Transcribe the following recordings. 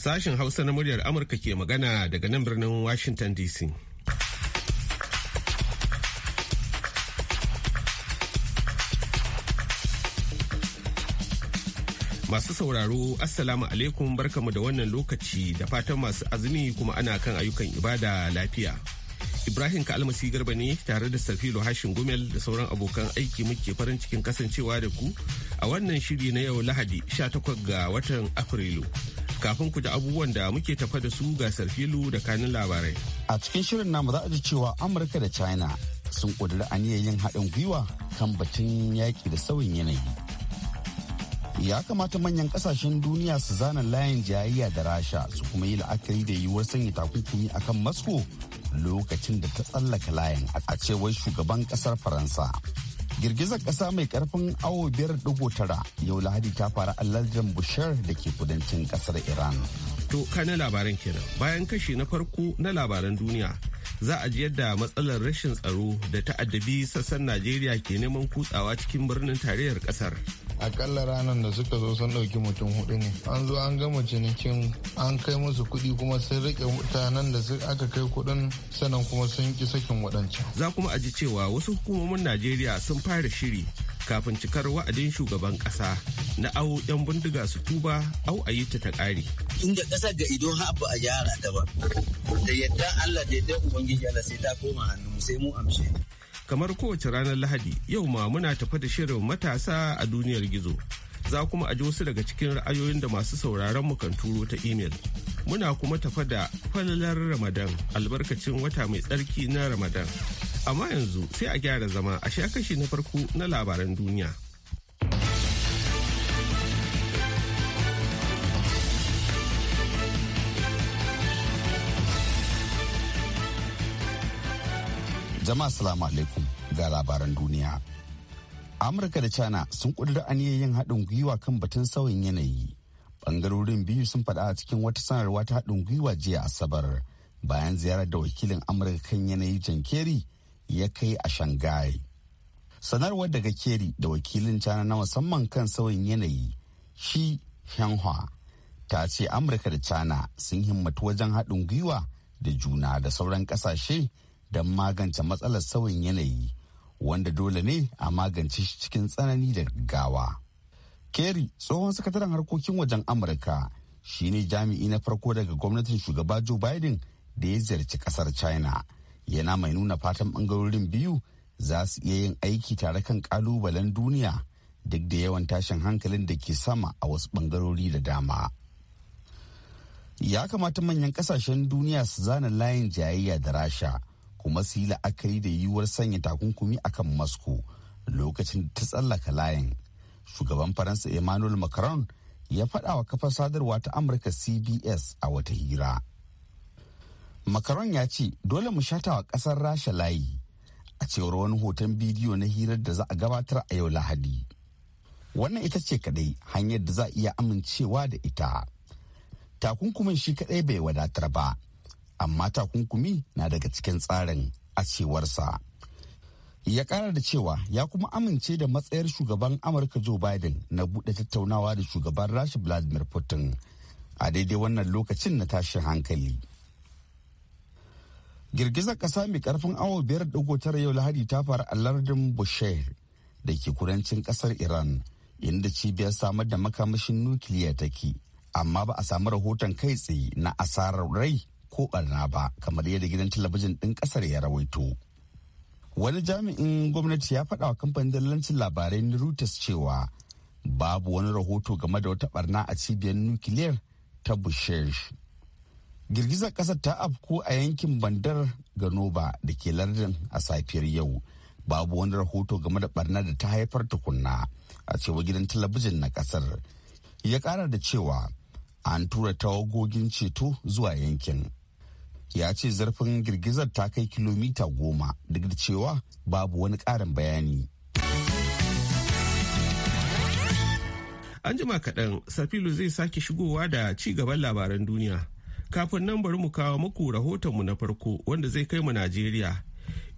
Sashen Hausa na muryar Amurka ke magana daga nan birnin Washington DC. Masu sauraro, Assalamu alaikum barkamu da wannan lokaci da fatan masu azumi kuma ana kan ayyukan ibada lafiya. Ibrahim ka Almasi Garba ne tare da Safilo Hashin Gumel da sauran abokan aiki muke farin cikin kasancewa da ku a wannan shiri na yau Lahadi 18 ga watan Afrilu. Kafin ku da abubuwan da muke tafa da su ga Sarfilu da kanin labarai. A cikin shirin namu za a ji cewa Amurka da China sun ƙudiri aniyar yin haɗin gwiwa kan batun yaƙi da sauyin yanayi. ya kamata manyan kasashen duniya su zana layin jayayya da rasha su kuma yi la'akari da yiwuwar sanya takunkumi akan masko lokacin da ta tsallaka layin a cewar shugaban kasar faransa girgizar kasa mai karfin awo biyar digo tara yau lahadi ta faru a lardin bushar da ke kudancin kasar iran to na labaran kenan bayan kashi na farko na labaran duniya za a ji yadda matsalar rashin tsaro da ta'addabi sassan najeriya ke neman kutsawa cikin birnin tarayyar kasar akalla ranar da suka zo sun ɗauki mutum hudu ne an zo an gama cinikin an kai musu kuɗi kuma sun rike mutanen da aka kai kuɗin sannan kuma sun ki sakin waɗancan za kuma a cewa wasu hukumomin najeriya sun fara shiri kafin cikar wa'adin shugaban kasa na au 'yan bindiga su tuba au a yi ta ta ƙari. Inda ƙasar ga idon haɓu a gyara ta ba, da yadda Allah da Ubangiji Allah sai ta koma hannu sai mu amshe. kamar kowace ranar lahadi yau ma muna tafa da shirin matasa a duniyar gizo za kuma a ji wasu daga cikin ra'ayoyin da masu sauraron mu kan turo ta imel muna kuma tafa da falalar ramadan albarkacin wata mai tsarki na ramadan amma yanzu sai a gyara zama a sha kashi na farko na labaran duniya Jama'a salamu alaikum ga labaran duniya. Amurka da China sun ƙudiri yin haɗin gwiwa kan batun sauyin yanayi. Bangarorin biyu sun faɗa a cikin wata sanarwa ta haɗin gwiwa jiya Asabar bayan ziyarar da wakilin Amurka kan yanayi John Kerry ya kai a Shanghai. Sanarwar daga Kerry da wakilin China na musamman kan sauyin yanayi shi Hyanhua ta ce Amurka da China sun himmatu wajen haɗin gwiwa da juna da sauran ƙasashe don magance matsalar sauyin yanayi wanda dole ne a magance shi cikin tsanani da gaggawa. Kerry tsohon sakataren harkokin wajen Amurka shi ne jami'i na farko daga gwamnatin shugaba Joe Biden da ya ziyarci kasar China. Yana mai nuna fatan bangarorin biyu za su iya yin aiki tare kan kalubalen duniya duk da yawan tashin hankalin da ke sama a wasu bangarori da dama. Ya kamata manyan kasashen duniya su zana layin jayayya da rasha kuma su yi la'akari da yiwuwar sanya takunkumi akan moscow lokacin da ta tsallaka layin shugaban faransa emmanuel macron ya faɗa wa kafar sadarwa ta amurka cbs a wata hira macron ya ce dole mu shata wa ƙasar rasha layi a cewar wani hoton bidiyo na hirar da za a gabatar a yau lahadi wannan ita ce kadai hanyar da za a iya amincewa da ita takunkumin shi kadai bai wadatar ba amma takunkumi na daga cikin tsarin a cewarsa. ya kara da cewa ya kuma amince da matsayar shugaban amurka joe biden na buɗe tattaunawa da shugaban rasha vladimir putin a daidai wannan lokacin na tashin hankali girgizar ƙasa mai karfin awo biyar tara yau lahadi ta faru a lardin bushehr da ke kudancin ƙasar iran inda cibiyar samar da makamashin nukiliya take amma ba a samu rahoton kai tsaye na asarar rai ko barna ba kamar yadda gidan talabijin ɗin ƙasar ya rawaito. Wani jami'in gwamnati ya faɗa wa kamfanin dalilancin labarai na Reuters cewa babu wani rahoto game da wata barna a cibiyar nukiliyar ta Bushesh. Girgizar ƙasar ta afku a yankin bandar Ganoba da ke lardin a safiyar yau. Babu wani rahoto game da barnar da ta haifar tukunna a cewa gidan talabijin na ƙasar. Ya ƙara da cewa an tura tawagogin ceto zuwa yankin. ya ce zarfin girgizar ta kai kilomita goma duk da cewa babu wani ƙarin bayani. An jima kaɗan, Safilu zai sake shigowa da ci gaban labaran duniya. Kafin nan bari mu kawo muku rahotonmu na farko wanda zai kai mu Najeriya,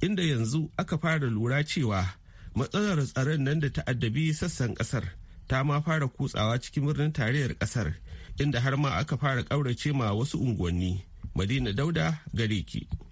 inda yanzu aka fara lura cewa matsalar tsaron nan da ta'addabi sassan ƙasar ta ma fara kutsawa cikin birnin tarayyar ƙasar, inda har ma aka fara ƙaurace ma wasu unguwanni. Madina Dauda gare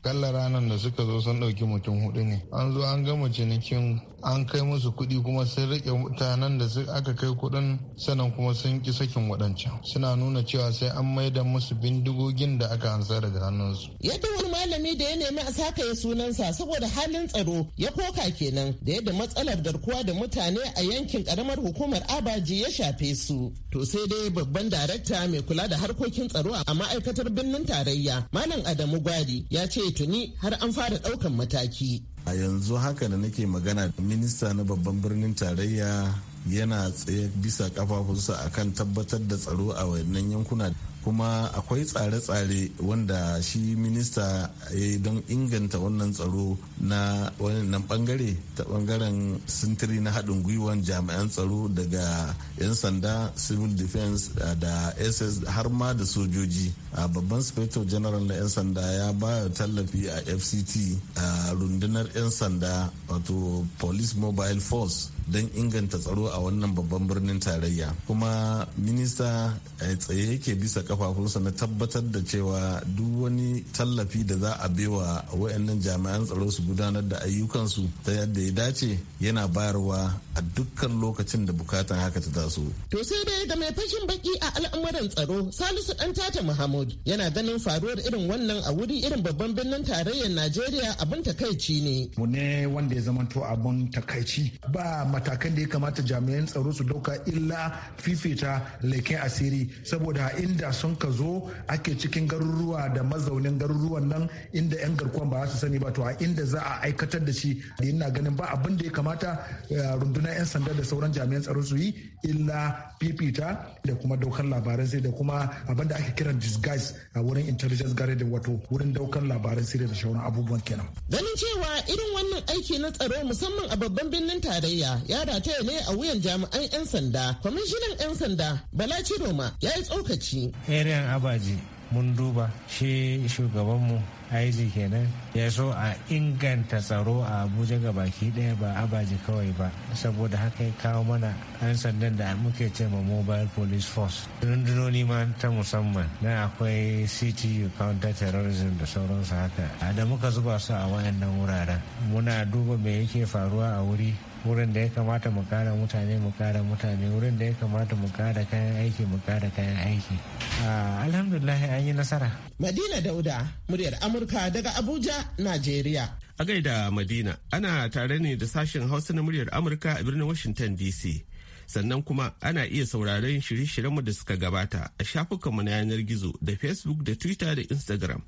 Kalla ranar da suka zo sun ɗauki mutum hudu ne. An zo an gama cinikin an kai musu kuɗi kuma sun rike mutanen da aka kai kuɗin sannan kuma sun ki sakin waɗancan. Suna nuna cewa sai an maida musu bindigogin da aka ansa daga hannunsu. Yadda wani malami da ya nemi a saka ya sunansa saboda halin tsaro ya koka kenan da yadda matsalar garkuwa da mutane a yankin karamar hukumar Abaji ya shafe su. To sai dai babban darakta mai kula da harkokin tsaro a ma'aikatar birnin tarayya lafiya malam adamu gwari ya ce tuni har an fara daukan mataki a yanzu haka da nake magana da minista na babban birnin tarayya yana tsaye bisa kafafunsa akan tabbatar da tsaro a wannan yankuna kuma akwai tsare-tsare wanda shi minista ya yi don inganta wannan tsaro na wannan bangare ta bangaren sintiri na haɗin gwiwan jami'an tsaro daga 'yan sanda civil defense da ss har ma da sojoji a babban spector general na 'yan sanda ya ba tallafi a fct a rundunar 'yan sanda wato police mobile force don inganta tsaro a wannan babban birnin tarayya kuma minista a tsaye yake bisa kafafunsa na tabbatar da cewa duk wani tallafi da za a wa wayannan jami'an tsaro su gudanar da ayyukansu ta yadda ya dace yana bayarwa a dukkan lokacin da bukatan haka ta taso. To sai dai da mai fashin baki a al'amuran tsaro Salisu dan tata Muhammad yana ganin faruwar irin wannan a wuri irin babban birnin tarayyar Najeriya abin takaici ne. Mu ne wanda ya zamanto abun takaici ba matakan da ya kamata jami'an tsaro su dauka illa fifita leken asiri saboda inda sun ka zo ake cikin garuruwa da mazaunin garuruwan nan inda 'yan garkuwan ba su sani ba to a inda za a aikatar da shi da ina ganin ba abin da ya kamata eh, rundunar 'yan sanda da sauran jami'an tsaro su yi illa fifita da kuma daukar labaran sai da kuma abin da ake kiran disguise a wurin intelligence garden wato wurin daukar labaran sirri da sauran abubuwan kenan ganin cewa irin wannan aiki na tsaro musamman a babban birnin tarayya ya rataya ne a wuyan jami'an 'yan sanda kwamishinan 'yan sanda bala ciroma ya yi tsokaci arian abaji mun duba shi shugabanmu aiji kenan ya so a inganta tsaro a abuja ga baki daya ba abaji kawai ba saboda haka ya kawo mana 'yan sandan da muke ce ma mobile police force rundunoni ma ta musamman na akwai ctu counter terrorism da sauransu haka da muka zuba su a wayannan wuraren muna duba me yake faruwa a wuri wurin da ya kamata mu kara mutane mu kara mutane wurin da ya kamata mu kara kayan aiki mu kara kayan aiki ah, alhamdulillah an yi nasara madina dauda muryar amurka daga abuja nigeria a gaida madina ana tare ne da sashen hausa na muryar amurka a birnin washington dc sannan kuma ana iya sauraron shirye-shiryenmu da suka gabata a mu na yanar gizo da facebook da twitter da instagram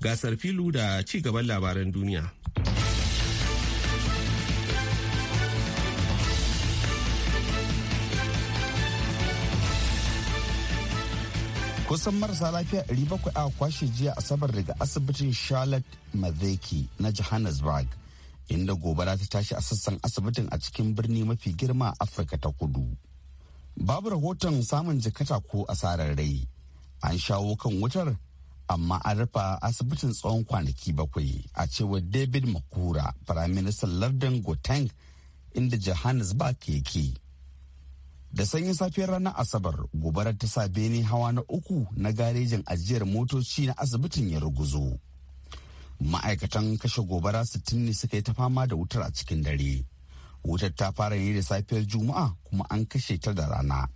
gasar filu da ci gaban labaran duniya. kusan marasa lafiya bakwai a kwashe jiya asabar daga asibitin charlotte mazeki na johannesburg inda gobara ta tashi a sassan asibitin a cikin birni mafi girma a afirka ta kudu babu rahoton samun jikata ko asarar rai an shawo kan wutar amma an rufa asibitin tsawon kwanaki bakwai a cewar david makura firaministan lardin goteng inda johannesburg yake da sanyin safiyar ranar asabar gobarar ta sa bene hawa na uku na garejin ajiyar motoci na asibitin ya ruguzo ma'aikatan kashe gobara sittin ne suka yi ta fama da wutar a cikin dare wutar ta fara ne da safiyar juma'a kuma an kashe ta da rana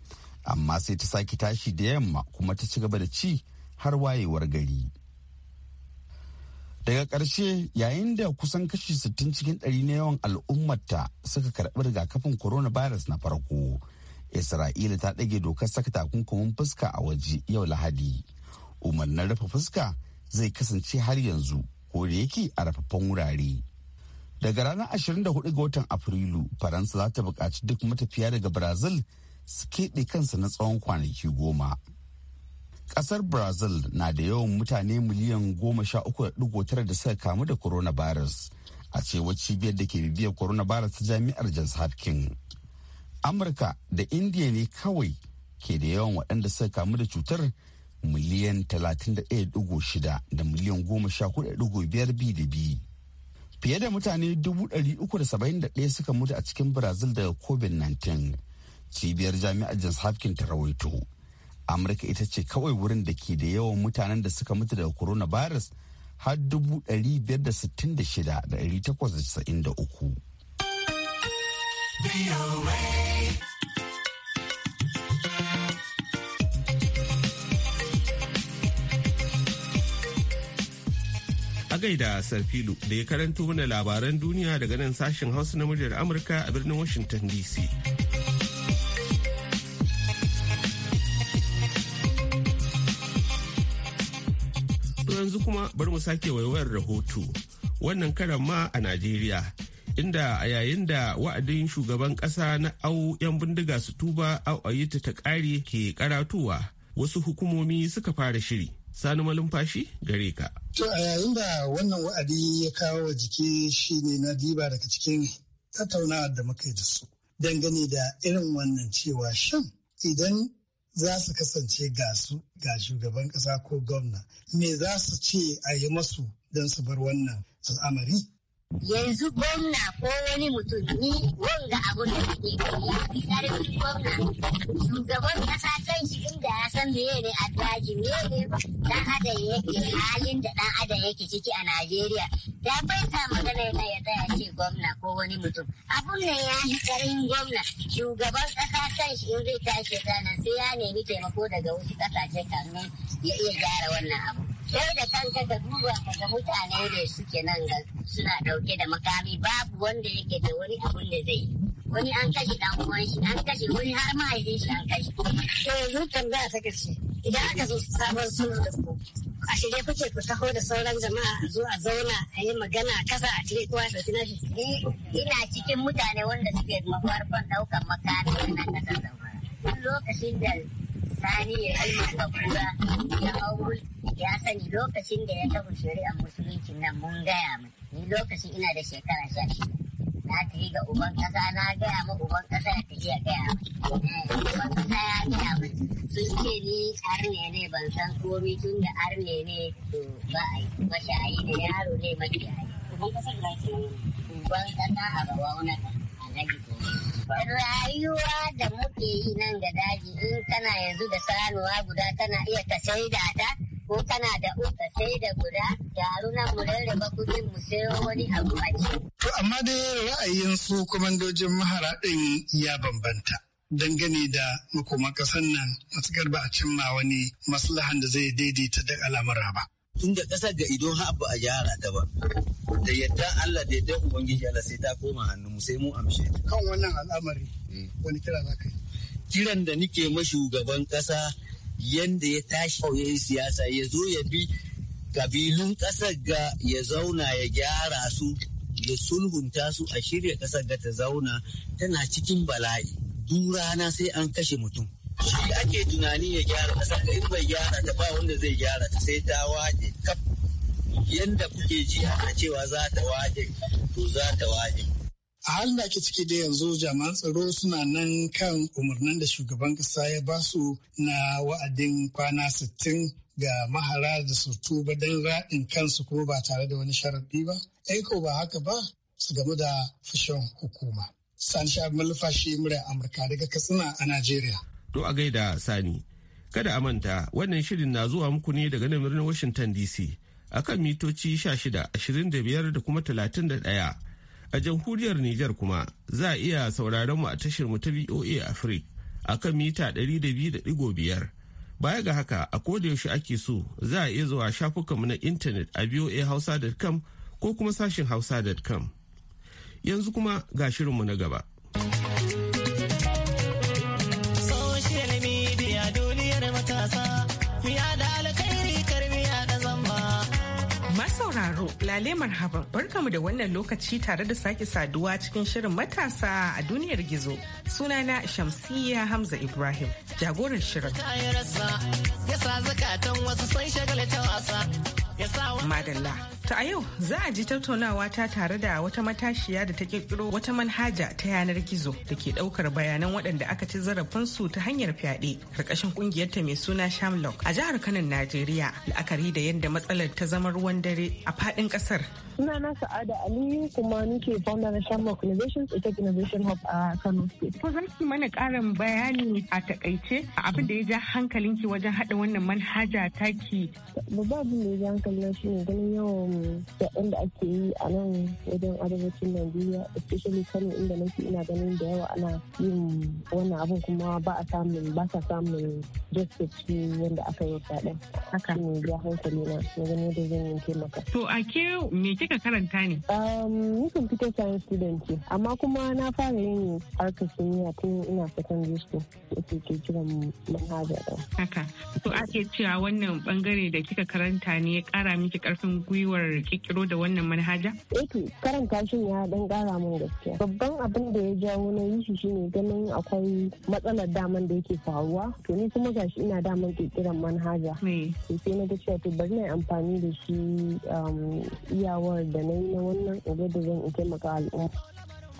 amma sai ta sake tashi da yamma kuma ta ci gaba da ci har wayewar gari daga karshe, yayin da kusan kashi 60 cikin ɗari na yawan al'ummarta suka karɓi rigakafin coronavirus na farko isra'ila ta ɗage dokar saka takunkumin fuska a waje yau lahadi umarnin rufe fuska zai kasance har yanzu ko da yake a rafaffan wurare daga ranar 24 ga watan afrilu faransa za ta buƙaci duk matafiya daga brazil su keɓe kansa na tsawon kwanaki goma ƙasar brazil na da yawan mutane miliyan goma sha uku da ɗigo tara da suka kamu da coronavirus a cewar cibiyar da ke bibiyar coronavirus ta jami'ar johns hopkins amurka da indiya ne kawai ke da yawan waɗanda suka kamu da cutar miliyan 31.6 da miliyan 14.5 fiye da mutane 371 suka mutu a cikin brazil daga covid-19 cibiyar jami'ar johns hopkins ta rawaito amurka ita ce kawai wurin da ke da yawan mutanen da suka mutu daga coronavirus har 566,893. da Sarfilu da ya karanto mana labaran duniya daga nan sashen Hausa na muryar Amurka a birnin Washington DC. yanzu kuma bari mu sake waiwayar rahoto wannan karan ma a Najeriya inda a yayin da wa'adin shugaban kasa na au 'yan bindiga su tuba au ayyuta ta ƙare ke karatuwa wasu hukumomi suka fara shiri sani malumfashi gare ka. To a yayin da wannan wa'adi ya kawo wa jiki shine na diba daga cikin tattaunawa da muka yi da su dangane da irin wannan cewa shan idan za su kasance ga su ga shugaban kasa ko gwamna me za su ce a yi masu don su bar wannan al'amari yanzu gwamna ko wani mutum ni wanga abun da ke yi fi gwamna shugaban kasa shi inda ya san meye ne a daji meye ne dan ada yake halin da dan adam yake ciki a Najeriya da bai sa magana yana ya tsaya ce gwamna ko wani mutum abun nan ya yi karin gwamna shugaban kasa shi in zai tashi ranar sai ya nemi taimako daga wasu kasashe kamin ya iya gyara wannan abu sai da kanka da duba ka ga mutane da suke nan ga suna dauke da makami babu wanda yake da wani abun da zai wani an kashe dan uwan shi an kashe wani har mahaifin shi an kashe to yanzu ba ta kace idan aka zo sabon sulhu da ku a shirye kuke ku taho da sauran jama'a a zo a zauna a yi magana a kasa a cire kowa da na shi ni eh, ina cikin mutane wanda suke mafarkon daukan makami na kasar zamfara lokacin da sani ya yi kura ya hau sani lokacin da ya kafa shari'ar musulunci nan mun gaya mu ni lokacin ina da shekara sha shida na tafi ga uban kasa na gaya ma uban kasa ya tafi ya gaya eh, uban kasa ya gaya min sun ce ni arne ne ban san komi tun da arne ne to ba a yi yi da yaro ne yi uban kasa da ke uban kasa a gawa wani alhaji ko rayuwa da muke yi nan ga daji in kana yanzu da sanuwa guda tana iya ka da ta ko kana da uka sai da guda taru nan mu rarraba kudin mu sai wani abu a To amma dai ra'ayin su kwamandojin mahara ɗin ya bambanta. dangane da makoman ƙasar nan matukar ba a cimma wani maslahan da zai daidaita da al'amura ba. Tunda ƙasar ga idon haɓu a gyara ta ba, da yadda Allah da yadda Ubangiji Allah sai ta koma hannu mu sai mu amshe. Kan wannan al'amari eh. wani kira za ka yi? Kiran da nike mashugaban ƙasa yadda ya tashi ya yi siyasa ya zo ya bi kabilun ƙasar ga ya zauna ya gyara su ya sulhunta su a shirya ƙasar ga ta zauna tana cikin bala'i duk sai an kashe mutum shi ake tunani ya gyara ƙasar ga in bai gyara ta ba wanda zai gyara ta sai ta waje kaf yadda kuke ji a cewa za ta waje to za ta waje a halin da ake ciki da yanzu jami'an tsaro suna nan kan umarnin da shugaban kasa ya ba su na wa'adin kwana sittin ga mahara da su tuba don raɗin kansu kuma ba tare da wani sharaɗi ba aiko eh ba haka ba su gamu da fushin hukuma sani sha malfashi murya amurka daga katsina a najeriya to a gaida sani kada a manta wannan shirin na zuwa muku ne daga nan birnin washington dc akan mitoci 16 25 da kuma 31 A jamhuriyar Nijar kuma za a iya sauraron mu a tashar mu ta VOA Africa a kan mita 200.5. Baya ga haka a yaushe ake so za a iya zuwa shafukan mu na intanet a voahausa.com ko kuma sashin hausa.com. Yanzu kuma ga shirinmu na gaba. lale marhaba barkamu da wannan lokaci tare da sake saduwa cikin shirin matasa a duniyar gizo. Sunana Shamsiyya Hamza Ibrahim, jagoran shirin. Madalla. ta a yau za a ji tattaunawa ta tare da wata matashiya da ta kirkiro wata manhaja ta yanar gizo da ke daukar bayanan waɗanda aka ci zarafinsu ta hanyar fyaɗe karkashin ƙungiyarta mai suna Shamlock a jihar Kano Najeriya la'akari da yadda matsalar ta zama ruwan dare a faɗin ƙasar. Suna na Sa'ada Aliyu kuma nike founder na Shamlock Innovations ita Innovation Hub a Kano State. Ko zan ki mana ƙarin bayani a takaice abin da ya ja hankalinki wajen haɗa wannan manhaja taki? Babban abin da ya ja hankalin shi ne ganin yawan da inda ake yi a nan wajen arewacin najeriya especially kano inda nake ina ganin da yawa ana yin wannan abun kuma ba a samun ba sa samun justice wanda aka yi fyaɗe haka ne ya hankali na na ganin da zan yi taimaka. to a ke me kika karanta ne. Um, ni fita science student ce amma kuma na fara yin harkar kimiyya tun ina secondary school da ke kiran manhaja haka to ake cewa wannan bangare da kika karanta ne ya kara miki karfin gwiwar sha'awar kikiro da wannan manhaja? Eto, eh karanta shi ya dan gara mun gaskiya. Babban abin da ya jawo na yi shi shine ganin akwai matsalar daman da yake faruwa. To ni kuma gashi ina daman kirkiran manhaja. Me? sai na ga cewa to bari na amfani da shi um, iyawar da na yi na wannan in da zan in taimaka al'umma.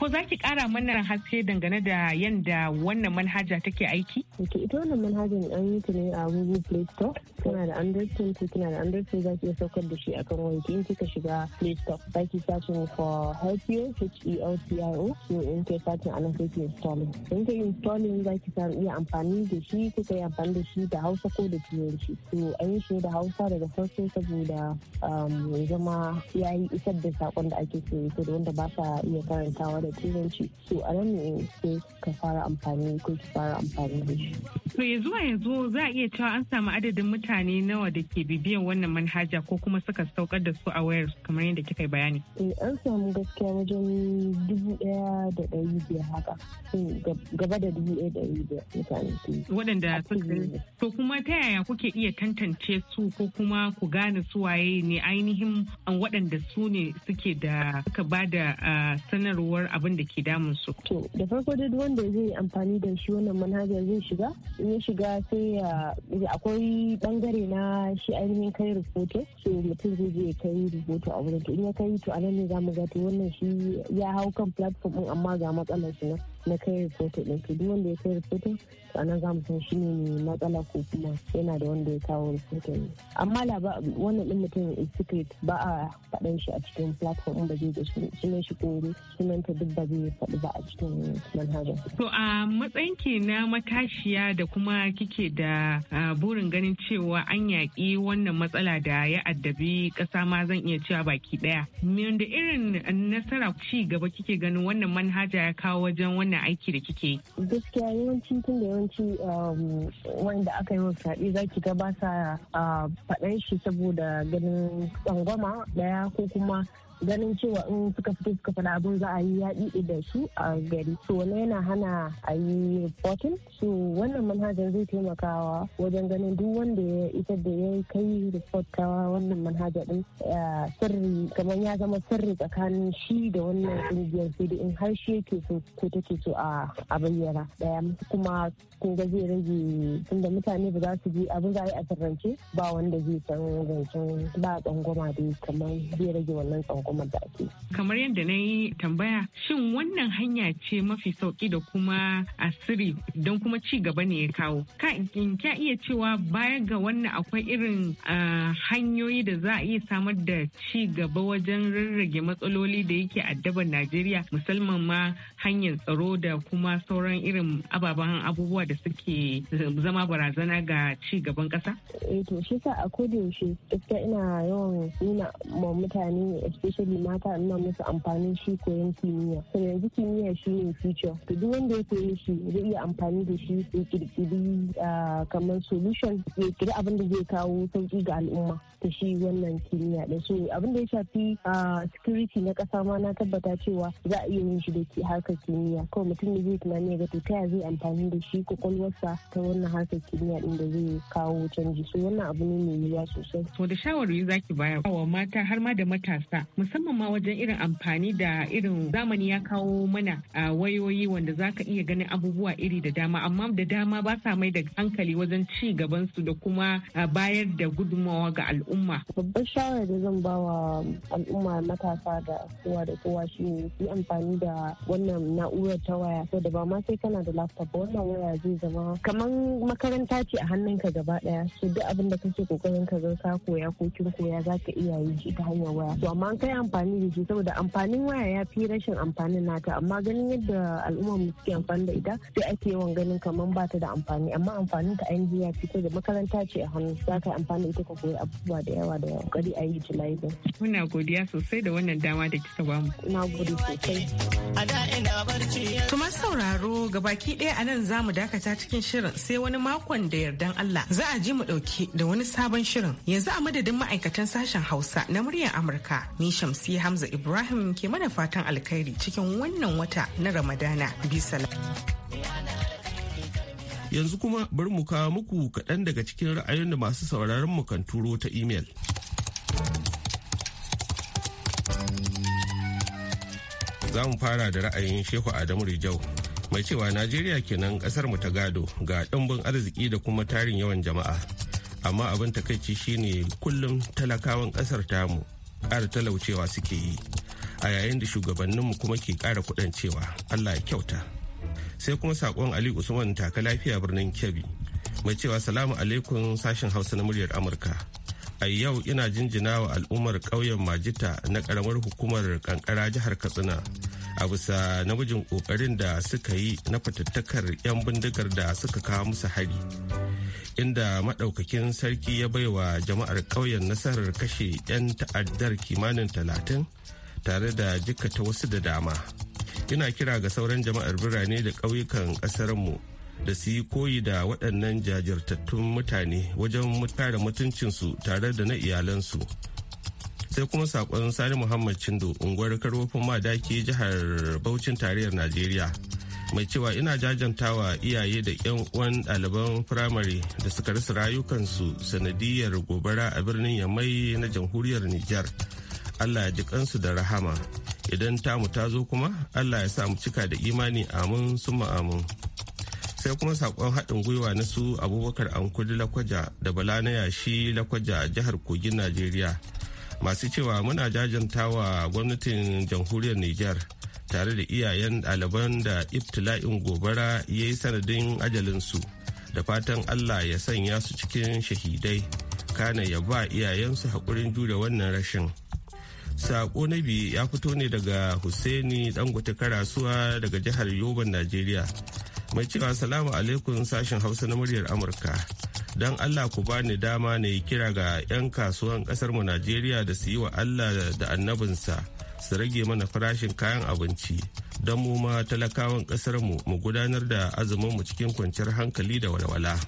ko za ki kara mana haske dangane da yanda wannan manhaja take aiki? Ok, ita wannan ne an yi ta ne a Google Play Store. Kuna da Android phone kina da Android za ki iya saukar da shi kan wani in kika shiga Play Store. Za ki shi for you H E L P e I O so in kai a anan sai ki installing. In kai installing za ki samu iya amfani da shi ko kai amfani da shi da Hausa ko da Turanci. To an yi shi da Hausa daga farko saboda um, ya zama ya yi isar da saƙon da ake so da wanda ba sa iya karantawa da turanci so a nan ne sai ka fara amfani ko ki fara amfani da shi to yanzu a yanzu za a iya cewa an samu adadin mutane nawa da ke bibiyan wannan manhaja ko kuma suka saukar da su a wayar kamar yadda kika yi bayani eh an samu gaskiya wajen dubu ɗaya da ɗari biyar haka gaba da dubu ɗaya da ɗari biyar mutane waɗanda suka to kuma ta yaya kuke iya tantance su ko kuma ku gane su waye ne ainihin waɗanda su ne suke da suka ba da ah, sanarwar abin da ke damun su. To da farko duk wanda zai amfani da shi wannan manhajar zai shiga in ya shiga sai ya akwai bangare na shi ainihin kai rubutu so mutum zai je kai rubutu a wurin to in ya kai to a nan ne za mu ga to wannan shi ya hau kan platform amma ga matsalar shi nan. na kai rahoto ɗin to duk wanda ya kai rahoto to anan za mu san shi ne matsala ko kuma yana da wanda ya kawo rahoto ne amma laba wannan ɗin mutum is secret ba a faɗan shi a cikin platform ba zai shi sunan shi ko sunan ta duk ba zai faɗi ba a cikin manhaja. to a matsayin ki na matashiya da kuma kike da burin ganin cewa an yaƙi wannan matsala da ya addabi ƙasa ma zan iya cewa baki ɗaya. Me wanda irin nasara ci gaba kike ganin wannan manhaja ya kawo wajen wannan wannan aiki da kike yi? Gaskiya yawanci tun da yawanci um, wanda aka yi wa fyaɗe za ki ga ba sa uh, faɗan shi saboda ganin tsangwama ɗaya ko kuma ganin cewa in suka fito suka faɗa abin za a yi yaƙi da su a gari so wannan yana hana a yi reporting so wannan manhajar zai taimakawa wajen ganin duk wanda ya isar da ya kai report ta wannan manhaja din sirri kamar ya zama sirri tsakanin shi da wannan ƙungiyar sai da in har shi yake so ko take so a bayyana daya kuma kun ga zai rage tunda mutane ba za su je abin za a yi a sirrance ba wanda zai san zancen ba tsangwama dai kamar zai rage wannan tsangwama al'ummar da ake. Kamar yadda na yi tambaya, shin wannan hanya ce mafi sauki da kuma asiri don kuma ci gaba ne ya kawo. Ka kya iya cewa baya ga wannan akwai irin hanyoyi da za a iya samar da ci gaba wajen rarrage matsaloli da yake addabar Najeriya musamman ma hanyar tsaro da kuma sauran irin ababen abubuwa da suke zama barazana ga ci gaban ƙasa? Eh to shi sa a koda yaushe ina yawan nuna ma mutane especially mata ina musu amfanin shi koyon kimiyya to yanzu kimiyya shi ne future to duk wanda ya koyi shi zai iya amfani da shi ya kirkiri kamar solution ya kiri abin da zai kawo sauki ga al'umma ta shi wannan kimiyya da so abin da ya shafi security na kasa ma na tabbata cewa za a iya yin shi da harkar kimiyya kawai mutum ne zai tunani ya ga to ta zai amfani da shi ko kwakwalwarsa ta wannan harkar kimiyya din da zai kawo canji so wannan abu ne mai yiwuwa sosai. to da shawarwari zaki bayar wa mata har ma da matasa musamman ma wajen irin amfani da irin zamani ya kawo mana a wayoyi wanda za ka iya ganin abubuwa iri da dama amma da dama ba sa mai da hankali wajen ci gaban su da kuma bayar da gudunmawa ga al'umma. Babbar shawara da zan ba wa al'umma matasa da kowa da kowa shi ne yi amfani da wannan na'urar ta waya so da ba ma sai kana da laptop wannan waya zai zama kamar makaranta ce a hannunka gaba daya so duk abin da kake kokarin ka ga ka koya ko kin koya za ka iya yi ta hanyar waya to amma kai yi amfani da shi saboda amfanin waya ya fi rashin amfanin nata amma ganin yadda al'ummar mu suke amfani da ita sai ake yawan ganin kamar ba ta da amfani amma amfanin ta ainihi ya fi da makaranta ce a hannu za ka yi amfani da ita ka koyi abubuwa da yawa da yawa kari a yi ba. Muna godiya sosai da wannan dama da kisa ba mu. Na gode sosai. Tuma sauraro gabaki ɗaya a nan za mu dakata cikin shirin sai wani makon da yardan Allah za a ji mu ɗauki da wani sabon shirin yanzu a madadin ma'aikatan sashen Hausa na muryar Amurka. Nisha Shamsi Hamza Ibrahim ke mana fatan alkhairi cikin wannan wata na Ramadana bisala. Yanzu kuma bari mu kawo muku kaɗan daga cikin ra'ayoyin da masu sauraron mu kan turo ta imel. Za mu fara da ra'ayin Shehu Adamu Rijau. mai cewa najeriya kenan kasar mu ta gado ga ɗumbin arziki da kuma tarin yawan jama'a amma abin takaici shine kullum talakawan kasar tamu ƙara talaucewa suke yi a yayin da shugabanninmu kuma ke ƙara kuɗin cewa allah ya kyauta sai kuma saƙon ali usman taka lafiya birnin kebbi mai cewa salamu alaikum sashen hausa na muryar amurka a yau ina jinjina wa al'ummar ƙauyen majita na ƙaramar hukumar kankara jihar katsina a bisa namijin kokarin da suka yi na fatattakar 'yan bindigar da suka kawo musu hari inda maɗaukakin sarki ya baiwa jama'ar ƙauyen nasarar kashe 'yan ta'addar kimanin talatin tare da jikkata wasu da dama ina kira ga sauran jama'ar birane da ƙauyukan mu da su yi koyi da waɗannan jajirtattun mutane wajen kare mutuncinsu tare da na iyalansu. sai kuma sakon sani muhammad cindo unguwar karwafin madaki jihar baucin tarayyar najeriya mai cewa ina jajantawa iyaye da 'yan uwan ɗaliban firamare da suka rasa rayukansu sanadiyar gobara a birnin yamai na jamhuriyar nijar allah ya ji kansu da rahama idan ta ta zo kuma allah ya sa mu cika da imani amin summa amin sai kuma sakon haɗin gwiwa na su abubakar kudi lakwaja da bala na yashi lakwaja jihar kogin najeriya masu cewa muna jajantawa gwamnatin jamhuriyar Nijar tare da iyayen ɗaliban da ibtila'in gobara ya yi sanadin ajalinsu da fatan allah ya sanya su cikin shahidai kana ya ba iyayensu haƙurin jure wannan rashin saƙo na biyu ya fito ne daga husaini dangote karasuwa daga jihar yoban najeriya mai cewa salamu alaikum sashen hausa na muryar amurka don Allah ku bani dama na yi kira ga 'yan kasuwan mu Najeriya da su yi wa Allah da annabinsa su rage mana farashin kayan abinci don mu ma talakawan mu mu gudanar da azumin mu cikin kwanciyar hankali da walwala.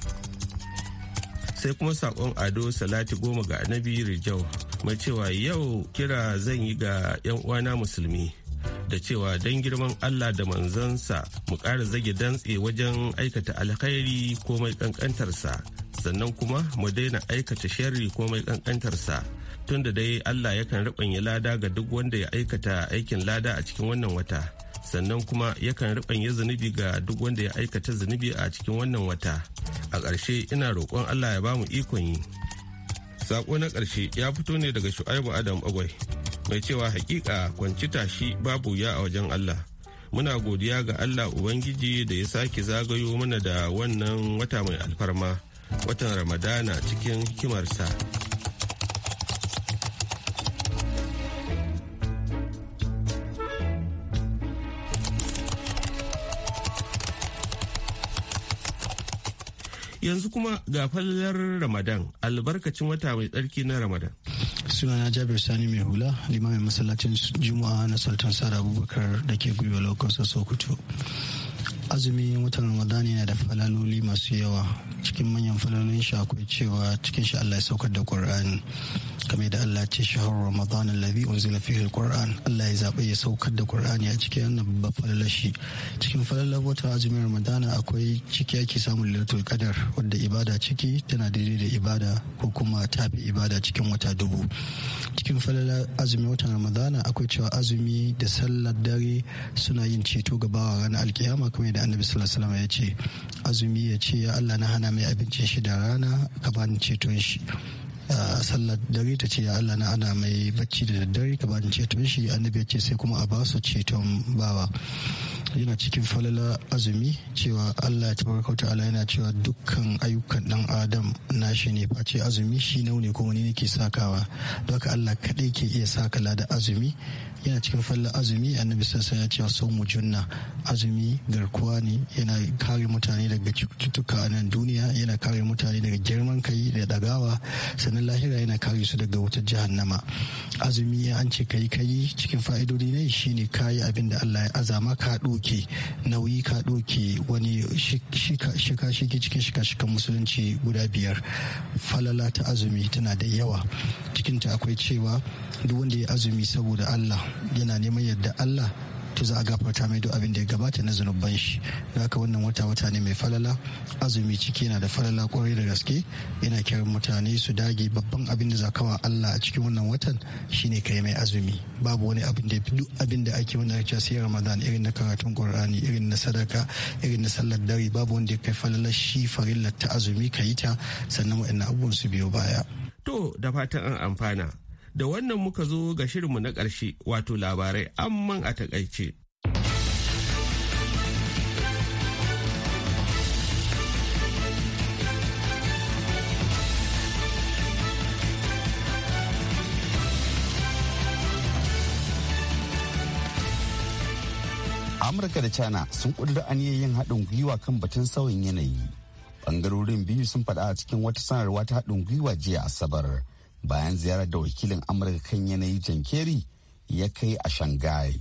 Sai kuma saƙon ado salati goma ga annabi Rijau mai cewa yau kira zan yi ga 'yan uwana musulmi. da cewa don girman Allah da manzansa mu ƙara zage dantse wajen aikata alkhairi ko mai ƙanƙantarsa sannan kuma mu daina aikata sharri mai ƙanƙantarsa tun da dai Allah yakan riɓanya lada ga duk wanda ya aikata aikin lada a cikin wannan wata sannan kuma yakan riɓanya zunubi ga duk wanda ya aikata zunubi a cikin wannan wata a ƙarshe ina roƙon Allah ya bamu ikon yi sako na ƙarshe ya fito ne daga shu'aibu adam agwai mai cewa hakika kwanci tashi babu ya a wajen Allah muna godiya ga Allah Ubangiji da ya sake zagayo mana da wannan wata mai alfarma watan Ramadana cikin hikimarsa. Yanzu kuma ga fallar Ramadan albarkacin wata mai tsarki na Ramadan. sunana jabir sani mai hula limamin masallacin juma'a na sultan sara abubakar da ke gwiwa lokacin sokoto azumi watan ramadani yana da falaloli masu yawa cikin manyan falalolin shi akwai cewa cikin shi allah ya saukar da qur'ani kamar da Allah ce shahar Ramadan alladhi unzila fihi alquran Allah ya zaɓi ya saukar da Qur'ani a cikin annab falalar cikin falalar wata azumin Ramadan akwai ciki ake samun lailatul qadar wadda ibada ciki tana daidai da ibada ko kuma tafi ibada cikin wata dubu cikin falalar azumin watan Ramadan akwai cewa azumi da sallar dare suna yin ceto ga bawa ranar alkiyama kamar da annabi sallallahu alaihi wasallam ya ce azumi ya ce ya Allah na hana mai abincin shi da rana ka bani ceton shi sallar dare ta ce ya Allah na ana mai bacci da daddare ka bani ceton shi annabi ya ce sai kuma a ba su ceton bawa yana cikin falala azumi cewa Allah ya tabaraka wa Allah yana cewa dukkan ayyukan dan adam nashi ne ce azumi shi ko wani ne nake sakawa don Allah kadai ke iya saka da azumi yana cikin falla azumi annabi sassa ya ce sau mu junna azumi garkuwa ne yana kare mutane daga cututtuka a nan duniya yana kare mutane daga girman kai da dagawa sannan lahira yana kare su daga wutar jahannama azumi ya an ce kai kai cikin fa'idodi ne shine kayi abin da Allah ya azama ka doke nauyi ka doke wani shika shiki cikin shika shikan musulunci guda biyar falala ta azumi tana da yawa cikinta akwai cewa duk wanda ya azumi saboda Allah yana neman yadda Allah to za a gafarta mai duk abin da ya gabata na zunuban shi da haka wannan wata wata ne mai falala azumi ciki yana da falala kwarai da gaske yana kiran mutane su dage babban abin da zakawa Allah a cikin wannan watan shine kai mai azumi babu wani abin da duk abin da ake wannan ake sai Ramadan irin na karatun Qur'ani irin na sadaka irin na sallar dare babu wanda ya kai falala shi farillar ta azumi kayi ta sannan wa'annan abubuwan su biyo baya to da fatan an amfana da wannan muka zo ga shirinmu na ƙarshe wato labarai amman a takaice. amurka da china sun kudura yin haɗin gwiwa kan batun sauyin yanayi ɓangarorin biyu sun faɗa a cikin wata sanarwa ta haɗin gwiwa jiya asabar bayan ziyarar da wakilin amurka kan yanayi jan ya kai a shanghai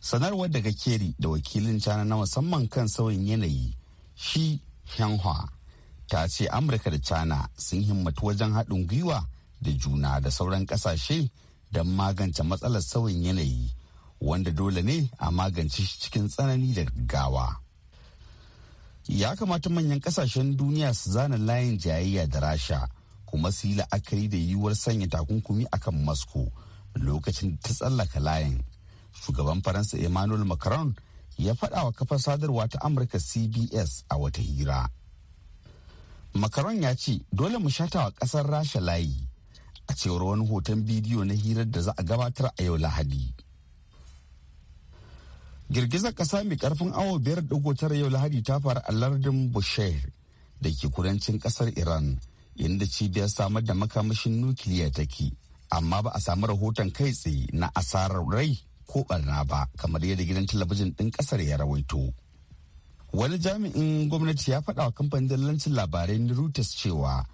sanarwar daga keri da wakilin china na musamman kan sauyin yanayi shi hyanhua ta ce amurka da china sun himmatu wajen haɗin gwiwa da juna da sauran ƙasashe don magance matsalar sauyin yanayi wanda dole ne a magance shi cikin tsanani da gaggawa. ya kamata manyan kasashen duniya su zana layin jayayya da rasha kuma su yi la'akari da yiwuwar sanya takunkumi a kan moscow lokacin da ta tsallaka layin shugaban faransa emmanuel macron ya faɗa wa kafar sadarwa ta amurka cbs a wata hira macron ya ce dole mu shata wa ƙasar rasha layi a cewar wani hoton bidiyo na hirar da za a gabatar a yau lahadi girgizar ƙasa mai ƙarfin awo biyar tara yau lahadi ta faru a lardin bushehr da ke kudancin ƙasar iran inda cibiyar samar da makamashin nukiliya take amma ba a samu rahoton kai tsaye na asarar rai ko barna ba kamar yadda gidan talabijin ɗin ƙasar ya rawaito wani jami'in gwamnati ya faɗa wa kamfanin dalilancin labarai na reuters cewa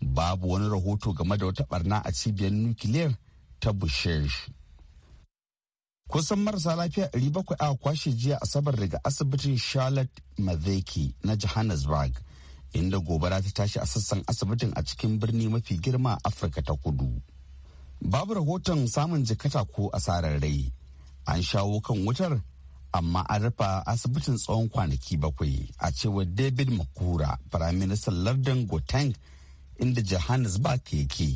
babu wani rahoto game da wata barna a cibiyar nukiliyar ta bushesh kusan marasa lafiya bakwai aka kwashe jiya asabar daga asibitin charlotte mazeki na johannesburg inda gobara ta tashi a sassan asibitin a cikin birni mafi girma a afirka ta kudu babu rahoton samun jikata ko asarar rai an shawo kan wutar amma an rufe asibitin tsawon kwanaki bakwai a cewar david makura firaministan lardin goteng inda johannesburg yake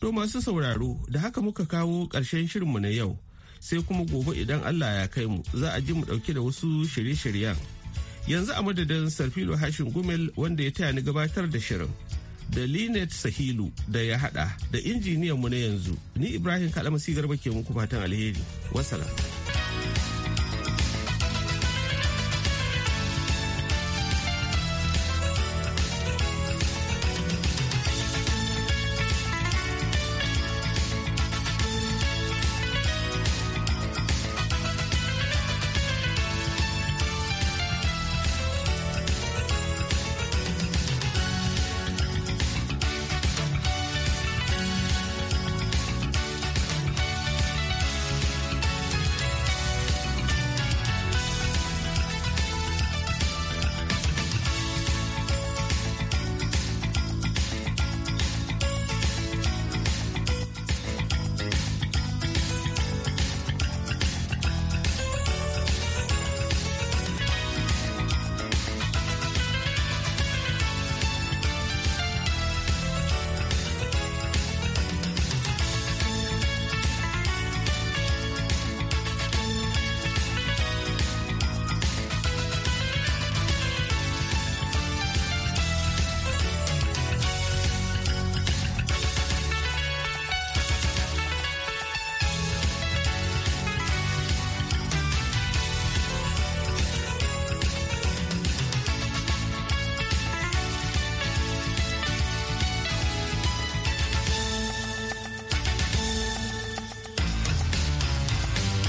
to masu sauraro da haka muka kawo ƙarshen shirinmu na yau sai kuma gobe idan allah ya kai mu za a ji mu ɗauke da wasu shirye-shiryen yanzu a madadin sarfilo hashin gumel wanda ya taya ni gabatar da shirin da linet sahilu da ya hada da injiniyan mu na yanzu ni ibrahim kalamasi garba ke muku fatan alheri wasala.